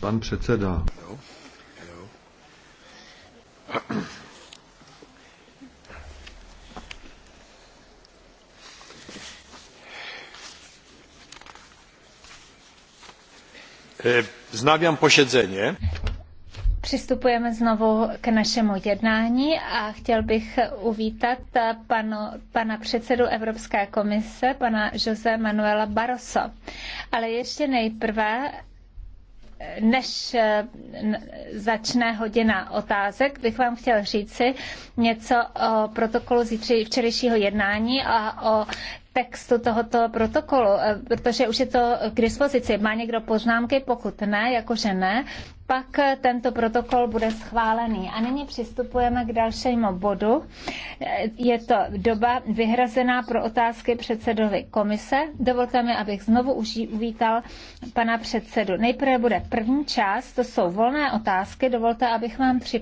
Pan předseda. Eh, Znávám No. Přistupujeme znovu k našemu jednání a chtěl bych uvítat eh, panu, pana předsedu Evropské komise, pana Jose Manuela Barroso. Ale ještě nejprve než eh, začne hodina otázek, bych vám chtěl říci něco o protokolu zítří, včerejšího jednání a o textu tohoto protokolu, eh, protože už je to k dispozici. Má někdo poznámky? Pokud ne, jakože ne, pak tento protokol bude schválený. A nyní přistupujeme k dalšímu bodu. Je to doba vyhrazená pro otázky předsedovi komise. Dovolte mi, abych znovu uvítal pana předsedu. Nejprve bude první část, to jsou volné otázky. Dovolte, abych vám připomněl,